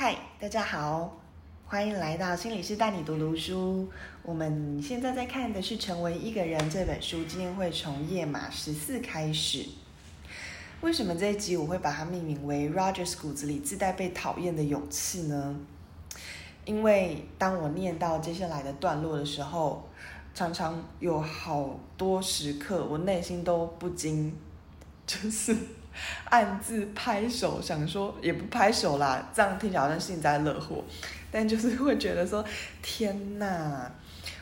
嗨，Hi, 大家好，歡迎來到心理師帶你讀讀書。我們現在在看的是《成為一個人》這本書，今天會從頁碼十四開始。為什麼這一集我會把它命名為《Rogers 骨子裡自帶被討厭的勇氣》呢？因為當我念到接下來的段落的時候，常常有好多時刻，我內心都不禁，就是。暗自拍手，想說也不拍手啦，這樣聽起來好像幸災樂禍，但就是會覺得說，天哪，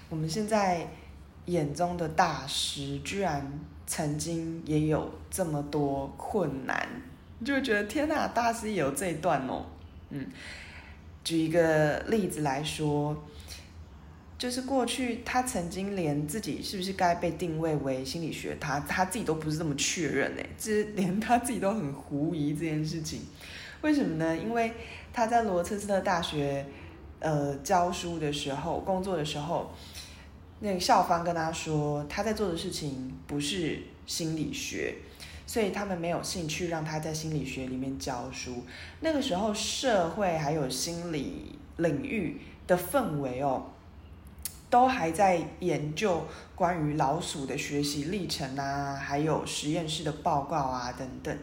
我們現在眼中的大師，居然曾經也有這麼多困難，就會覺得天哪，大師也有這一段哦，嗯，舉一個例子來說。就是過去，他曾經連自己是不是該被定位為心理學他，他他自己都不是這麼確認呢，就是連他自己都很狐疑這件事情。為什麼呢？因為他在羅徹斯特大學，呃，教書的時候，工作的時候，那個校方跟他說，他在做的事情不是心理學，所以他們沒有興趣讓他在心理學裡面教書。那個時候社會還有心理領域的氛圍哦。都還在研究關於老鼠的學習歷程啊，還有實驗室的報告啊等等，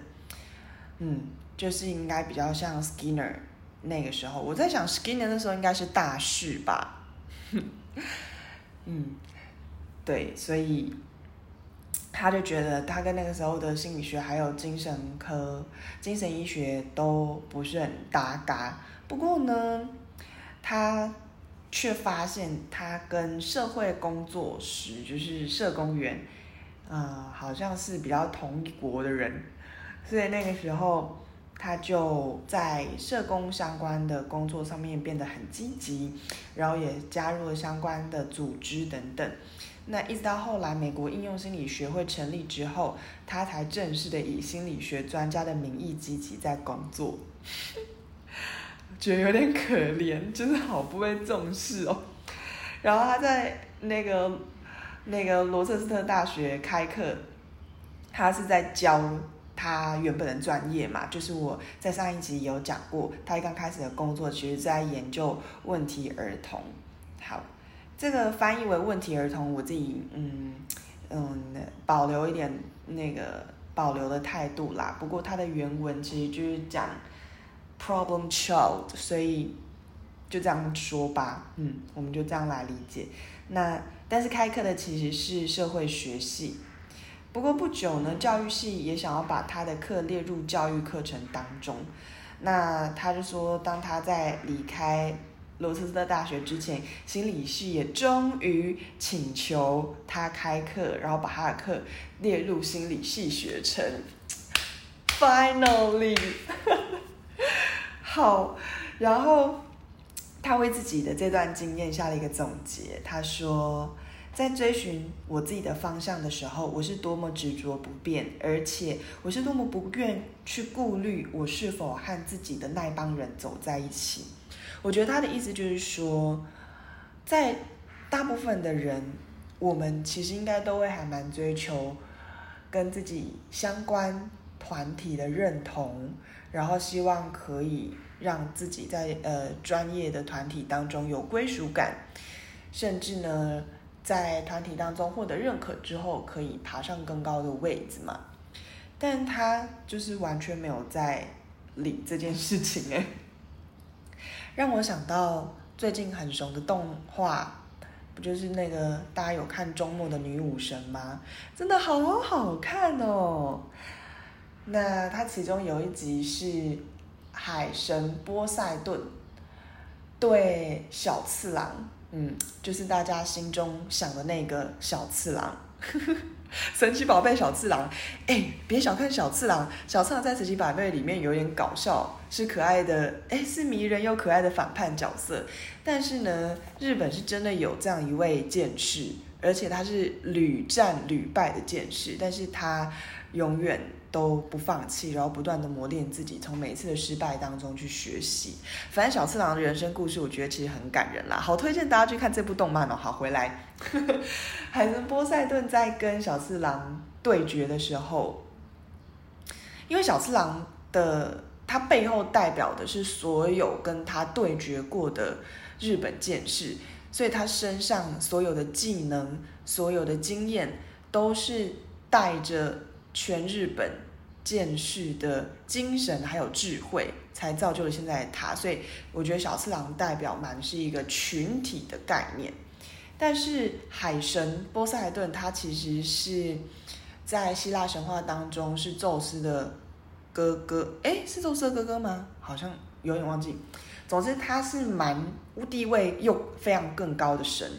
嗯，就是應該比較像 Skinner 那個時候。我在想 Skinner 那時候應該是大四吧， 嗯，對，所以他就覺得他跟那個時候的心理學還有精神科、精神醫學都不是很搭嘎。不過呢，他卻發現他跟社會工作師就是社工員，嗯、呃，好像是比較同一國的人，所以那個時候他就在社工相關的工作上面變得很積極，然後也加入了相關的組織等等。那一直到後來美國應用心理學會成立之後，他才正式的以心理學專家的名義積極在工作。覺得有點可憐，真的好不被重視哦。然後他在那個那個羅徹斯特大學開課，他是在教他原本的專業嘛，就是我在上一集有講過，他一剛開始的工作其實是在研究問題兒童。好，這個翻譯為“問題兒童”，我自己嗯嗯保留一點那個保留的態度啦。不過他的原文其實就是講。Problem child，所以就這樣說吧，嗯，我們就這樣來理解。那但是開課的其實是社會學系，不過不久呢，教育系也想要把他的課列入教育課程當中。那他就說，當他在離開羅切斯特大學之前，心理系也終於請求他開課，然後把他的課列入心理系學程。Finally。 好，然後他為自己的這段經驗下了一個總結。他說，在追尋我自己的方向的時候，我是多麼執着不變，而且我是多麼不願去顧慮我是否和自己的那幫人走在一起。我覺得他的意思就是說，在大部分的人，我們其實應該都會還蠻追求跟自己相關團體的認同。然後希望可以讓自己在呃專業的團體當中有歸屬感，甚至呢在團體當中獲得認可之後，可以爬上更高的位置嘛？但他就是完全沒有在理這件事情誒讓我想到最近很紅的動畫，不就是那個大家有看《終末的女武神》嗎？真的好好,好看哦！那它其中有一集是海神波塞頓對小次郎，嗯，就是大家心中想的那個小次郎， 神奇寶貝小次郎。哎、欸，別小看小次郎，小次郎在神奇寶貝裡面有點搞笑，是可愛的，哎、欸，是迷人又可愛的反叛角色。但是呢，日本是真的有這樣一位劍士，而且他是屢戰屢敗的劍士，但是他永遠都不放棄，然後不斷地磨練自己，從每一次的失敗當中去學習。反正小次郎的人生故事，我覺得其實很感人啦，好推薦大家去看這部動漫哦。好，回來， 海神波塞頓在跟小次郎對決的時候，因為小次郎的他背後代表的是所有跟他對決過的日本劍士，所以他身上所有的技能、所有的經驗都是帶着。全日本劍士的精神還有智慧，才造就了現在的他。所以我覺得小次郎代表蠻是一個群體的概念，但是海神波塞頓他其實是在希臘神話當中是宙斯的哥哥，欸，誒是宙斯的哥哥嗎？好像有點忘記。總之他是蠻無地位又非常更高的神。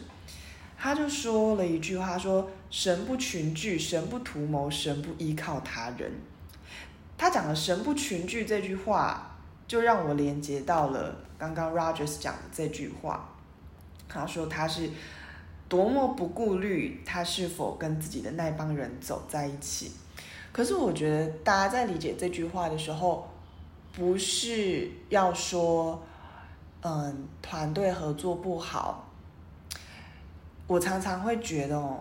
他就說了一句話，他說：“神不群聚，神不圖謀，神不依靠他人。”他講的“神不群聚”這句話，就讓我連接到了剛剛 Rogers 講的這句話。他說他是多麼不顧慮他是否跟自己的那幫人走在一起。可是我覺得大家在理解這句話的時候，不是要說，嗯，團隊合作不好。我常常會覺得哦，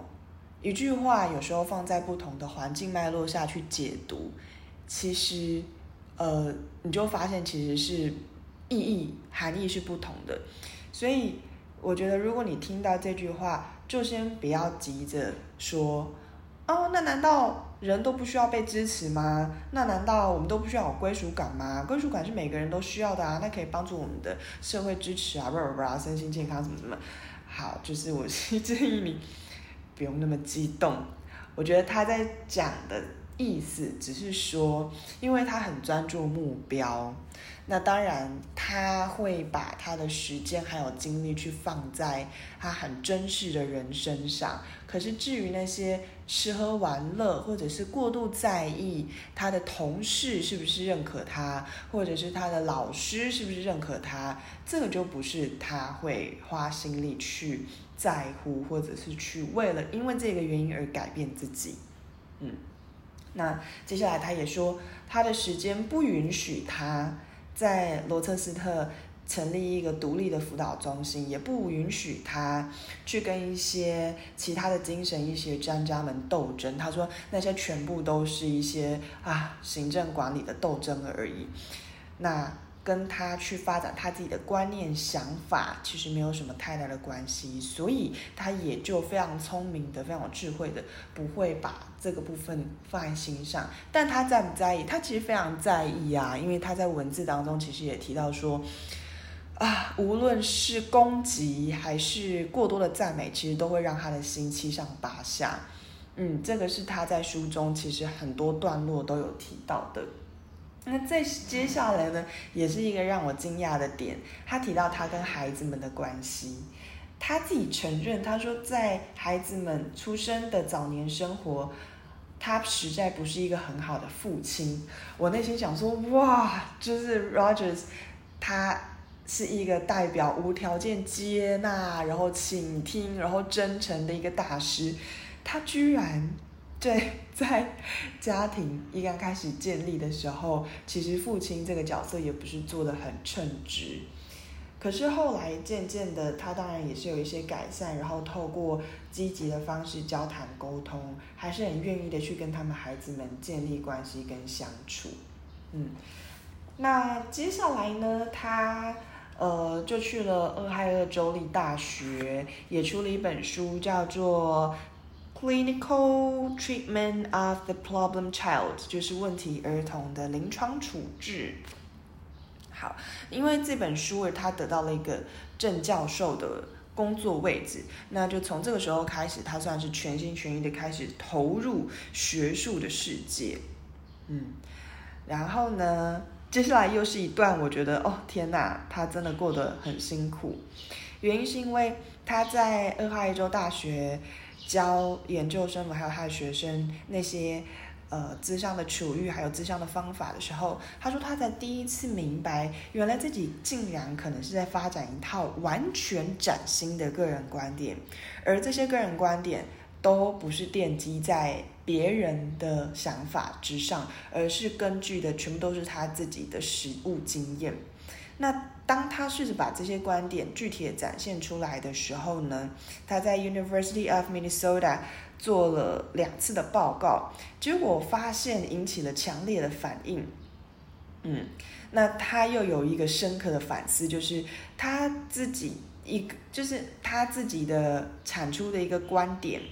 一句話有時候放在不同的環境脈絡下去解讀，其實，呃，你就發現其實是意義含義是不同的。所以，我覺得如果你聽到這句話，就先不要急着說哦，那難道人都不需要被支持嗎？那難道我們都不需要有歸屬感嗎？歸屬感是每個人都需要的啊，那可以幫助我們的社會支持啊，不不不不啊，身心健康什麼什麼。好，就是我是建議你不用那麼激動。我覺得他在講的，意思只是說，因為他很專注目標，那當然他會把他的時間還有精力去放在他很珍視的人身上。可是至於那些吃喝玩樂，或者是過度在意他的同事是不是認可他，或者是他的老師是不是認可他，這個就不是他會花心力去在乎，或者是去為了因為這個原因而改變自己。嗯。那接下來，他也說，他的時間不允許他在羅徹斯特成立一個獨立的輔導中心，也不允許他去跟一些其他的精神一些專家們鬥爭。他說，那些全部都是一些啊行政管理的鬥爭而已。那。跟他去發展他自己的觀念想法，其實沒有什麼太大的關係，所以他也就非常聰明的、非常有智慧的，不會把這個部分放在心上。但他在不在意？他其實非常在意啊，因為他在文字當中其實也提到說，啊，無論是攻擊還是過多的讚美，其實都會讓他的心七上八下。嗯，這個是他在書中其實很多段落都有提到的。那在接下來呢，也是一個讓我驚訝的點。他提到他跟孩子們的關係，他自己承認，他說，在孩子們出生的早年生活，他實在不是一個很好的父親。我內心想說，哇，就是 Rogers，他是一個代表無條件接納，然後傾聽，然後真誠的一個大師，他居然。對，在家庭一剛開始建立的時候，其實父親這個角色也不是做得很稱職。可是後來漸漸的，他當然也是有一些改善，然後透過積極的方式交談溝通，還是很願意的去跟他們孩子們建立關係跟相處。嗯，那接下來呢，他呃就去了俄亥俄州立大學，也出了一本書，叫做。Clinical treatment of the problem child, 就是問題兒童的臨床處置。好，因為這本書，他得到了一個正教授的工作位置，那就從這個時候開始，他算是全心全意的開始投入學術的世界。嗯，然後呢，接下來又是一段我覺得，哦天吶，他真的過得很辛苦。原因是因為他在俄亥俄州大學。教研究生們，還有他的學生那些，呃，諮商的處遇還有諮商的方法的時候，他說他才第一次明白，原來自己竟然可能是在發展一套完全嶄新的個人觀點，而這些個人觀點都不是奠基在別人的想法之上，而是根據的全部都是他自己的實務經驗。那當他試着把這些觀點具體展現出來的時候呢，他在 University of Minnesota 做了兩次的報告，結果發現引起了強烈的反應。嗯，那他又有一個深刻的反思，就是他自己一個，就是他自己的產出的一個觀點。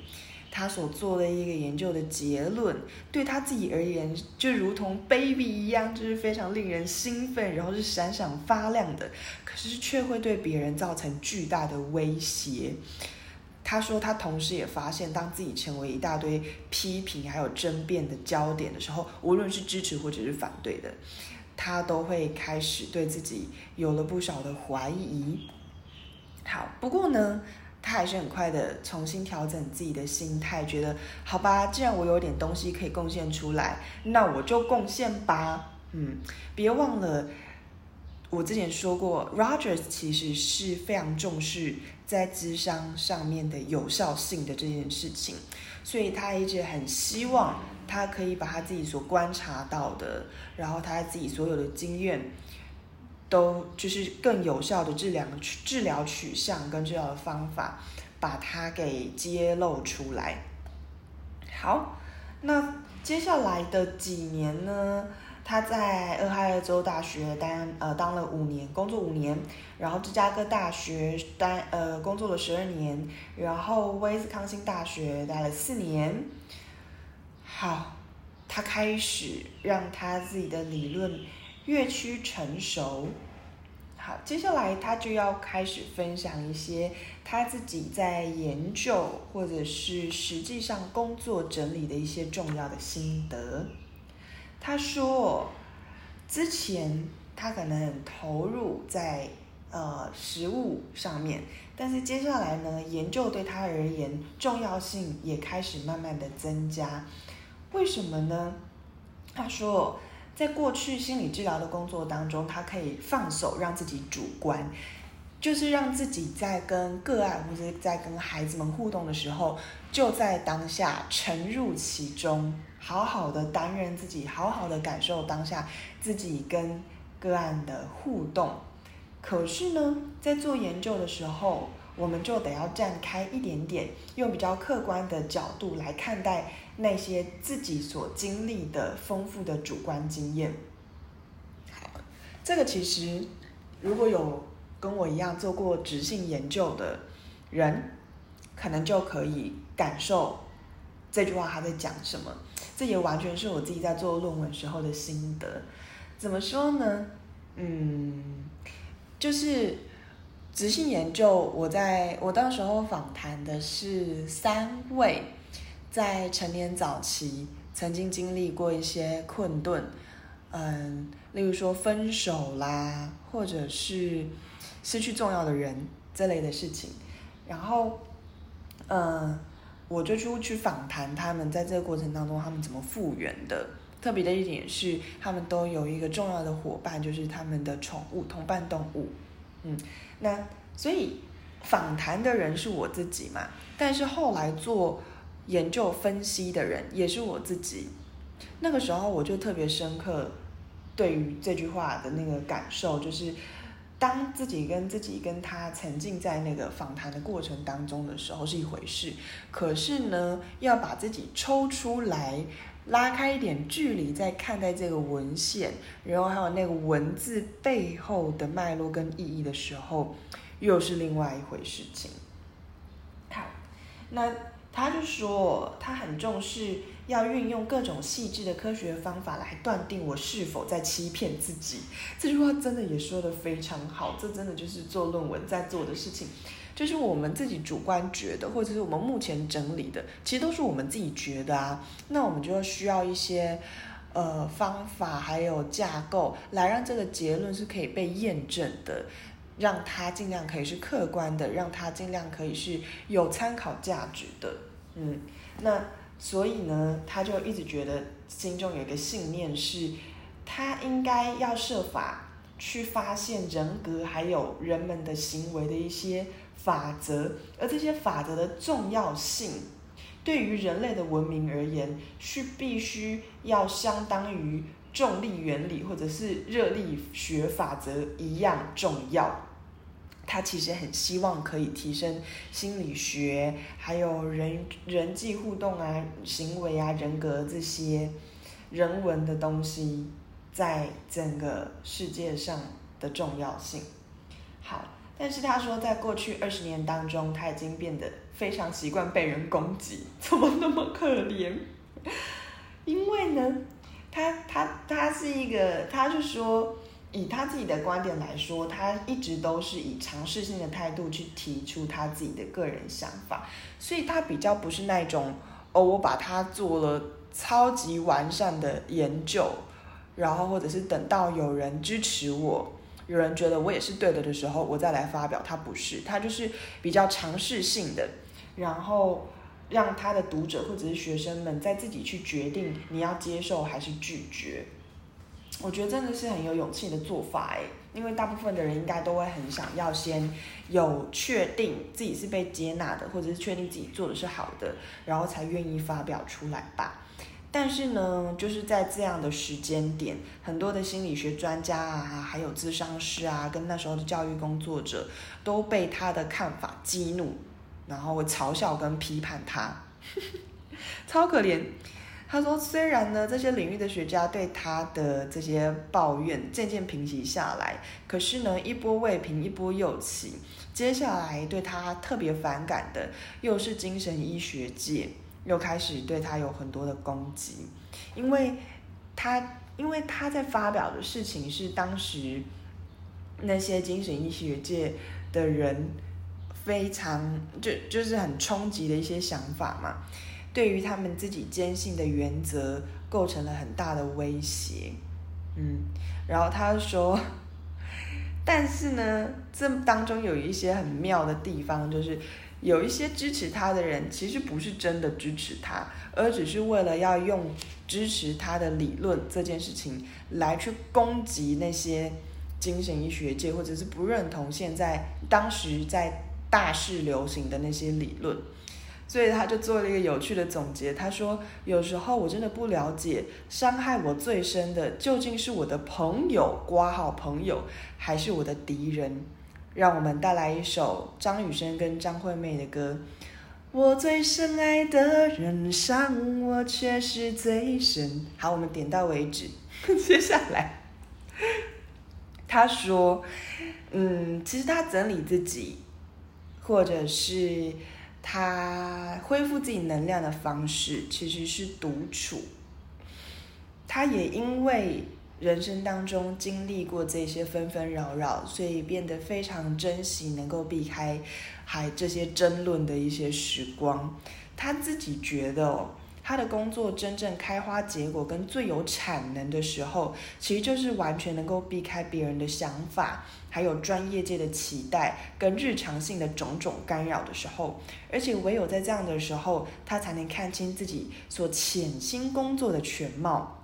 他所做的一個研究的結論，對他自己而言，就如同 baby 一樣，就是非常令人興奮，然後是閃閃發亮的。可是卻會對別人造成巨大的威脅。他說，他同時也發現，當自己成為一大堆批評還有爭辯的焦點的時候，無論是支持或者是反對的，他都會開始對自己有了不少的懷疑。好，不過呢。他還是很快的重新調整自己的心態，覺得好吧，既然我有點東西可以貢獻出來，那我就貢獻吧。嗯，別忘了，我之前說過，Rogers 其實是非常重視在諮商上面的有效性的這件事情，所以他一直很希望他可以把他自己所觀察到的，然後他自己所有的經驗。都就是更有效的治療治療取向跟治療的方法，把它給揭露出來。好，那接下來的幾年呢？他在俄亥俄州大學當呃當了五年，工作五年，然後芝加哥大學待呃工作了十二年，然後威斯康星大學待了四年。好，他開始讓他自己的理論。越趨成熟，好，接下來他就要開始分享一些他自己在研究或者是實際上工作整理的一些重要的心得。他說，之前他可能很投入在呃實務上面，但是接下來呢，研究對他而言重要性也開始慢慢的增加。為什麼呢？他說。在過去心理治療的工作當中，他可以放手讓自己主觀，就是讓自己在跟個案或者在跟孩子們互動的時候，就在當下沉入其中，好好的擔任自己，好好的感受當下自己跟個案的互動。可是呢，在做研究的時候，我們就得要站開一點點，用比較客觀的角度來看待那些自己所經歷的豐富的主觀經驗。好，這個其實如果有跟我一樣做過質性研究的人，可能就可以感受這句話他在講什麼。這也完全是我自己在做論文時候的心得。怎麼說呢？嗯，就是。執行研究，我在我到時候訪談的是三位，在成年早期曾經經歷過一些困頓，嗯，例如說分手啦，或者是失去重要的人這類的事情，然後，嗯，我就去去訪談他們，在這個過程當中，他們怎麼復原的？特別的一點是，他們都有一個重要的夥伴，就是他們的寵物同伴動物。嗯，那所以訪談的人是我自己嘛，但是後來做研究分析的人也是我自己。那個時候我就特別深刻對於這句話的那個感受，就是當自己跟自己跟他沉浸在那個訪談的過程當中的時候是一回事，可是呢，要把自己抽出來。拉開一點距離，再看待這個文獻，然後還有那個文字背後的脈絡跟意義的時候，又是另外一回事情。好，那他就說，他很重視要運用各種細緻的科學方法來斷定我是否在欺騙自己。這句話真的也說得非常好，這真的就是做論文在做的事情。就是我們自己主觀覺得，或者是我們目前整理的，其實都是我們自己覺得啊。那我們就要需要一些呃方法，還有架構，來讓這個結論是可以被驗證的，讓它盡量可以是客觀的，讓它盡量可以是有參考價值的。嗯，那所以呢，他就一直覺得心中有一個信念，是他應該要設法去發現人格，還有人們的行為的一些法則，而這些法則的重要性，對於人類的文明而言，是必須要相當於重力原理或者是熱力學法則一樣重要。他其實很希望可以提升心理學，還有人人際互動啊、行為啊、人格這些人文的東西，在整個世界上的重要性。好。但是他說，在過去二十年當中，他已經變得非常習慣被人攻擊，怎麼那麼可憐？因為呢，他他他是一個，他就說以他自己的觀點來說，他一直都是以嘗試性的態度去提出他自己的個人想法，所以他比較不是那種哦，我把他做了超級完善的研究，然後或者是等到有人支持我，有人覺得我也是對的的時候，我再來發表。他不是，他就是比較嘗試性的，然後讓他的讀者或者是學生們再自己去決定你要接受還是拒絕。我覺得真的是很有勇氣的做法誒，因為大部分的人應該都會很想要先有確定自己是被接納的，或者是確定自己做的是好的，然後才願意發表出來吧。但是呢，就是在這樣的時間點，很多的心理學專家啊，還有諮商師啊，跟那時候的教育工作者都被他的看法激怒，然後我嘲笑跟批判他， 超可憐。他說，雖然呢這些領域的學家對他的這些抱怨漸漸平息下來，可是呢一波未平一波又起，接下來對他特別反感的又是精神醫學界。又開始對他有很多的攻擊，因為他，他因為他在發表的事情是當時那些精神醫學界的人非常就就是很衝擊的一些想法嘛，對於他們自己堅信的原則構成了很大的威脅，嗯，然後他說，但是呢，這當中有一些很妙的地方，就是。有一些支持他的人，其實不是真的支持他，而只是為了要用支持他的理論這件事情來去攻擊那些精神醫學界或者是不認同現在當時在大勢流行的那些理論，所以他就做了一個有趣的總結，他說：“有時候我真的不了解，傷害我最深的究竟是我的朋友瓜好朋友，還是我的敵人。”讓我們帶來一首張雨生跟張惠妹的歌，《我最深愛的人》，傷我卻是最深。好，我們點到為止。 接下來，他說：“嗯，其實他整理自己，或者是他恢復自己能量的方式，其實是獨處。他也因為。”人生當中經歷過這些紛紛擾擾，所以變得非常珍惜能夠避開，還這些爭論的一些時光。他自己覺得，哦，他的工作真正開花結果跟最有產能的時候，其實就是完全能夠避開別人的想法，還有專業界的期待跟日常性的種種干擾的時候。而且唯有在這樣的時候，他才能看清自己所潛心工作的全貌。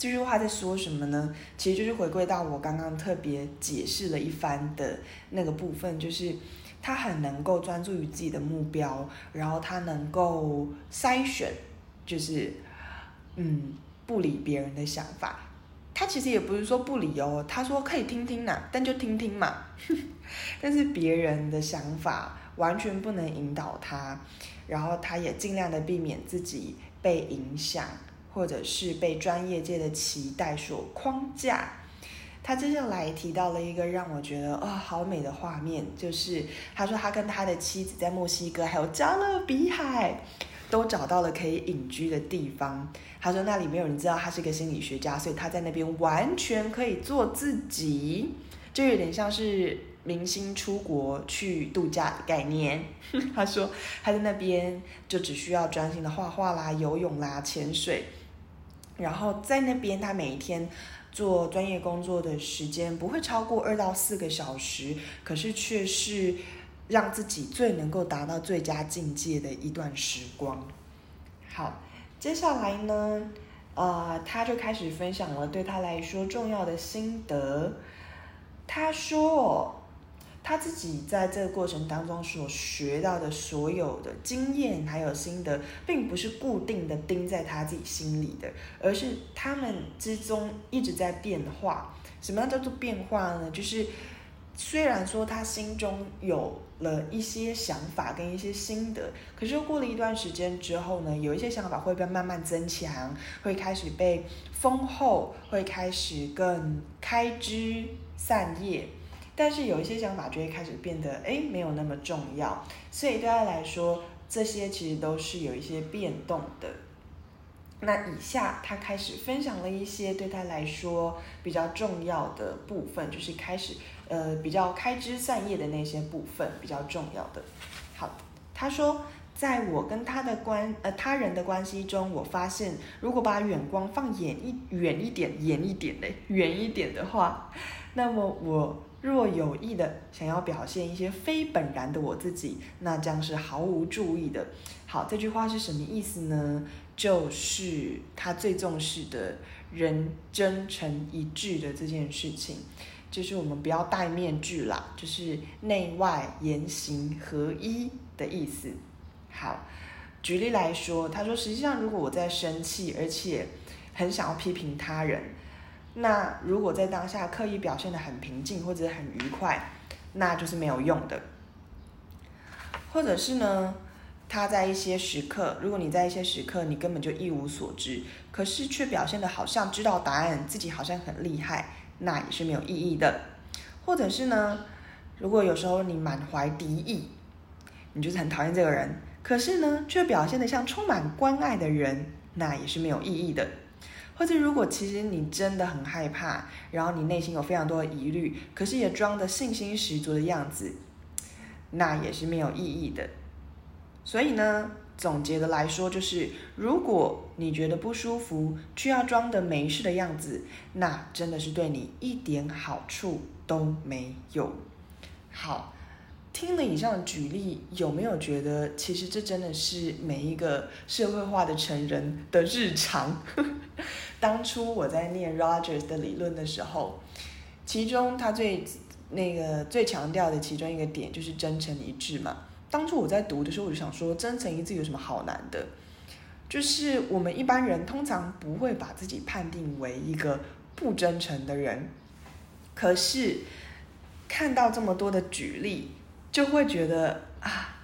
這句話在說什麼呢？其實就是回歸到我剛剛特別解釋了一番的那個部分，就是他很能夠專注於自己的目標，然後他能夠篩選，就是嗯不理別人的想法。他其實也不是說不理哦，他說可以聽聽吶、啊，但就聽聽嘛。 但是別人的想法完全不能引導他，然後他也盡量的避免自己被影響。或者是被專業界的期待所框架。他接下來提到了一個讓我覺得啊、哦、好美的畫面，就是他說他跟他的妻子在墨西哥還有加勒比海都找到了可以隱居的地方。他說那裡沒有人知道他是個心理學家，所以他在那邊完全可以做自己。就有點像是明星出國去度假的概念。 他說他在那邊就只需要專心的畫畫啦、游泳啦、潛水。然後在那邊，他每一天做專業工作的時間不會超過二到四個小時，可是卻是讓自己最能夠達到最佳境界的一段時光。好，接下來呢，啊、呃，他就開始分享了對他來說重要的心得。他說。他自己在這個過程當中所學到的所有的經驗還有心得，並不是固定的釘在他自己心裡的，而是他們之中一直在變化。什麼樣叫做變化呢？就是雖然說他心中有了一些想法跟一些心得，可是過了一段時間之後呢，有一些想法會被慢慢增強，會開始被豐厚，會開始更開枝散葉。但是有一些想法就會開始變得哎，沒有那麼重要，所以對他來說，這些其實都是有一些變動的。那以下他開始分享了一些對他來說比較重要的部分，就是開始呃，比較開枝散葉的那些部分比較重要的。好，他說在我跟他的關呃，他人的關係中，我發現如果把遠光放遠一遠一點遠一點的遠一點的話，那麼我。若有意的想要表現一些非本然的我自己，那將是毫無助益的。好，這句話是什麼意思呢？就是他最重視的人真誠一致的這件事情，就是我們不要戴面具啦，就是內外言行合一的意思。好，舉例來說，他說，實際上如果我在生氣，而且很想要批評他人。那如果在當下刻意表現得很平靜或者很愉快，那就是沒有用的。或者是呢，他在一些時刻，如果你在一些時刻你根本就一無所知，可是卻表現得好像知道答案，自己好像很厲害，那也是沒有意義的。或者是呢，如果有時候你滿懷敵意，你就是很討厭這個人，可是呢，卻表現得像充滿關愛的人，那也是沒有意義的。或者，如果其實你真的很害怕，然後你內心有非常多的疑慮，可是也裝的信心十足的樣子，那也是沒有意義的。所以呢，總結的來說，就是如果你覺得不舒服，卻要裝的沒事的樣子，那真的是對你一點好處都沒有。好，聽了以上的舉例，有沒有覺得其實這真的是每一個社會化的成人的日常？ 當初我在念 Rogers 的理論的時候，其中他最那個最強調的其中一個點就是真誠一致嘛。當初我在讀的時候，我就想說，真誠一致有什麼好難的？就是我們一般人通常不會把自己判定為一個不真誠的人，可是看到這麼多的舉例，就會覺得啊，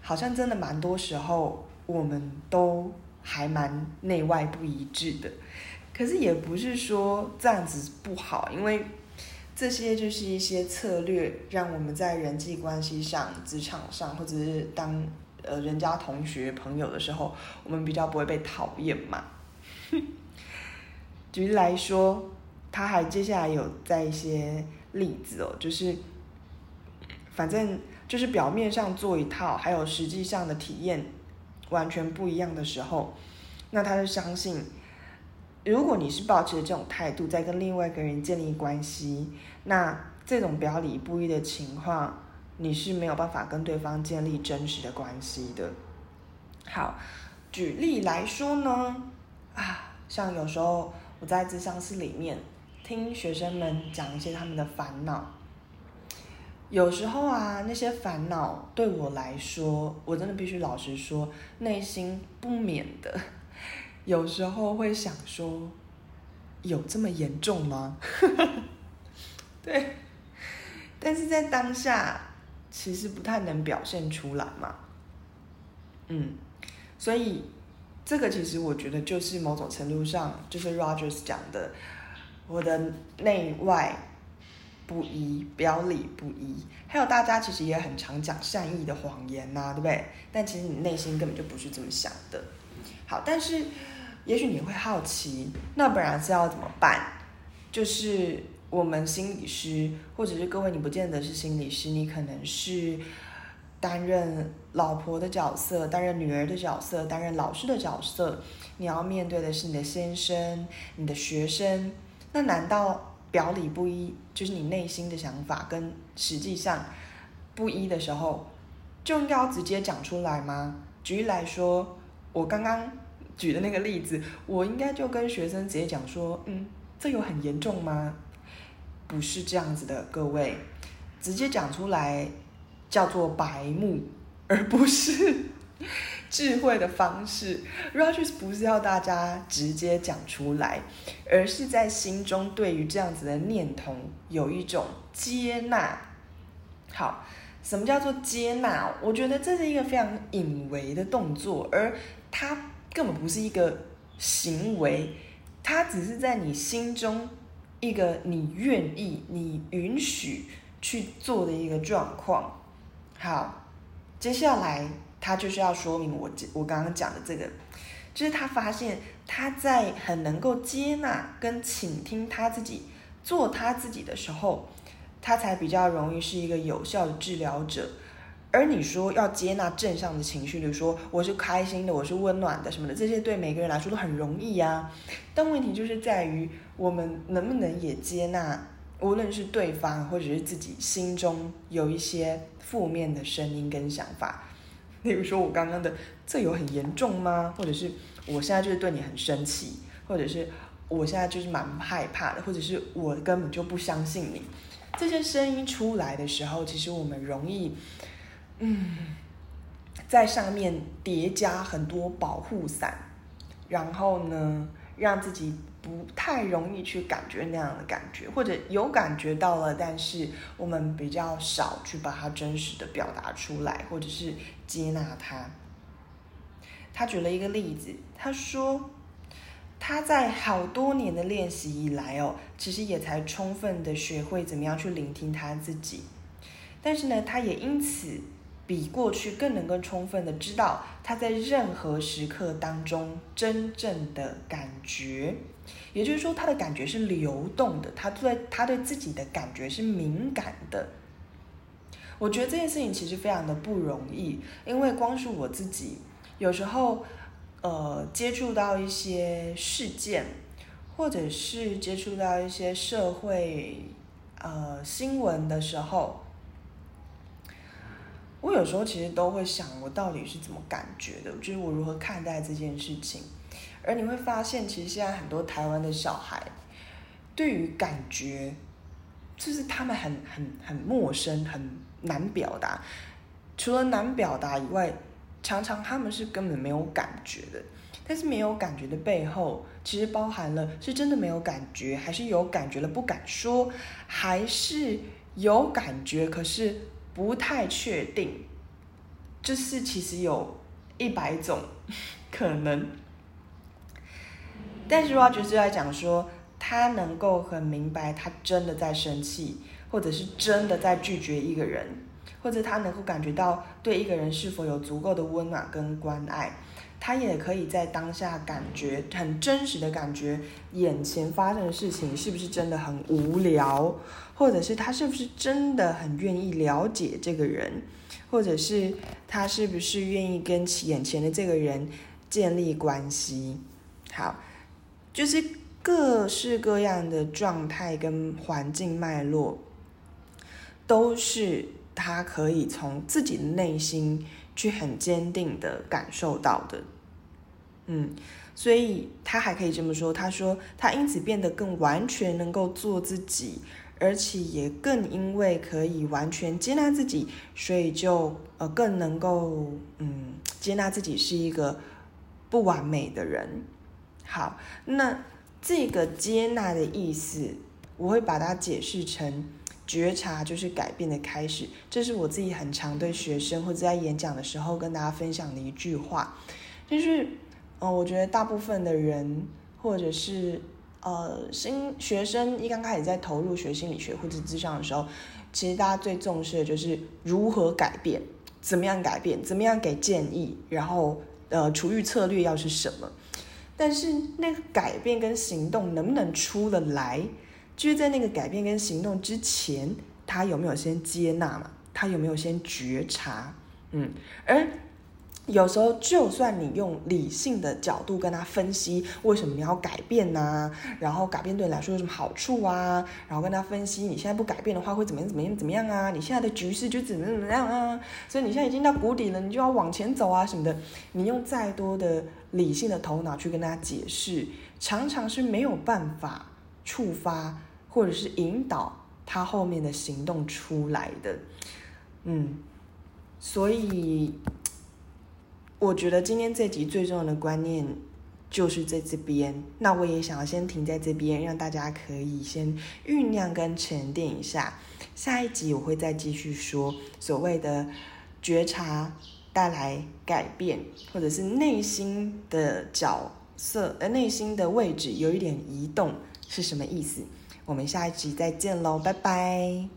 好像真的蠻多時候我們都還蠻內外不一致的，可是也不是說這樣子不好，因為這些就是一些策略，讓我們在人際關係上、職場上，或者是當呃人家同學朋友的時候，我們比較不會被討厭嘛。 舉例來說，他還接下來有在一些例子哦，就是反正就是表面上做一套，還有實際上的體驗。完全不一樣的時候，那他就相信，如果你是抱持這種態度在跟另外一個人建立關係，那這種表裡不一的情況，你是沒有辦法跟對方建立真實的關係的。好，舉例來說呢，啊，像有時候我在諮商室裡面聽學生們講一些他們的煩惱。有時候啊，那些煩惱對我來說，我真的必須老實說，內心不免的，有時候會想說，有這麼嚴重嗎？ 對，但是在當下，其實不太能表現出來嘛。嗯，所以這個其實我覺得就是某種程度上，就是 Rogers 講的，我的內外。不一，表裡不一，還有大家其實也很常講善意的謊言吶、啊，對不對？但其實你內心根本就不是這麼想的。好，但是也許你會好奇，那不然是要怎麼辦？就是我們心理師，或者是各位，你不見得是心理師，你可能是擔任老婆的角色，擔任女兒的角色，擔任老師的角色，你要面對的是你的先生、你的學生，那難道？表裡不一，就是你內心的想法跟實際上不一的時候，就應該要直接講出來嗎？舉例來說，我剛剛舉的那個例子，我應該就跟學生直接講說，嗯，這有很嚴重嗎？不是這樣子的，各位，直接講出來叫做白目，而不是。智慧的方式，Rogers 不是要大家直接講出來，而是在心中對於這樣子的念頭有一種接納。好，什麼叫做接納？我覺得這是一個非常隱微的動作，而它根本不是一個行為，它只是在你心中一個你願意、你允許去做的一個狀況。好，接下來。他就是要說明我我剛剛講的這個，就是他發現他在很能夠接納跟傾聽他自己做他自己的時候，他才比較容易是一個有效的治療者。而你說要接納正向的情緒，比如說我是開心的，我是溫暖的什麼的，這些對每個人來說都很容易啊。但問題就是在於我們能不能也接納，無論是對方或者是自己心中有一些負面的聲音跟想法。比如說我剛剛的這有很嚴重嗎？或者是我現在就是對你很生氣，或者是我現在就是蠻害怕的，或者是我根本就不相信你。這些聲音出來的時候，其實我們容易，嗯，在上面疊加很多保護傘，然後呢，讓自己不太容易去感覺那樣的感覺，或者有感覺到了，但是我們比較少去把它真實的表達出來，或者是。接納他。他舉了一個例子，他說他在好多年的練習以來哦，其實也才充分的學會怎麼樣去聆聽他自己。但是呢，他也因此比過去更能夠充分的知道他在任何時刻當中真正的感覺。也就是說，他的感覺是流動的，他對，他對自己的感覺是敏感的。我覺得這件事情其實非常的不容易，因為光是我自己，有時候，呃，接觸到一些事件，或者是接觸到一些社會，呃，新聞的時候，我有時候其實都會想，我到底是怎麼感覺的，就是我如何看待這件事情。而你會發現，其實現在很多台灣的小孩，對於感覺，就是他們很、很、很陌生，很難表達，除了難表達以外，常常他們是根本沒有感覺的。但是沒有感覺的背後，其實包含了是真的沒有感覺，還是有感覺了不敢說，還是有感覺可是不太確定，就是其實有一百種可能。但是，Rogers 就在講說，他能夠很明白，他真的在生氣。或者是真的在拒絕一個人，或者他能夠感覺到對一個人是否有足夠的溫暖跟關愛，他也可以在當下感覺很真實的感覺，眼前發生的事情是不是真的很無聊，或者是他是不是真的很願意了解這個人，或者是他是不是願意跟眼前的這個人建立關係？好，就是各式各樣的狀態跟環境脈絡。都是他可以從自己的內心去很堅定地感受到的，嗯，所以他還可以這麼說，他說他因此變得更完全能夠做自己，而且也更因為可以完全接納自己，所以就呃，更能夠嗯，接納自己是一個不完美的人。好，那這個接納的意思，我會把它解釋成。覺察就是改變的開始，這是我自己很常對學生或者在演講的時候跟大家分享的一句話。就是，呃，我覺得大部分的人或者是呃，新學生一剛開始在投入學心理學或者諮商的時候，其實大家最重視的就是如何改變，怎麼樣改變，怎麼樣給建議，然後呃，處遇策略要是什麼。但是那個改變跟行動能不能出得來？就是在那個改變跟行動之前，他有沒有先接納嘛？他有沒有先覺察？嗯，而有時候，就算你用理性的角度跟他分析為什麼你要改變啊，然後改變對你來說有什麼好處啊？然後跟他分析你現在不改變的話會怎麼樣？怎麼樣？怎麼樣啊？你現在的局勢就怎麼怎麼樣啊？所以你現在已經到谷底了，你就要往前走啊什麼的。你用再多的理性的頭腦去跟他解釋，常常是沒有辦法觸發。或者是引導他後面的行動出來的，嗯，所以我覺得今天這集最重要的觀念就是在這邊。那我也想要先停在這邊，讓大家可以先醞釀跟沉澱一下。下一集我會再繼續說所謂的覺察帶來改變，或者是內心的角色，呃，內心的位置有一點移動是什麼意思？我們下一集再見嘍，拜拜。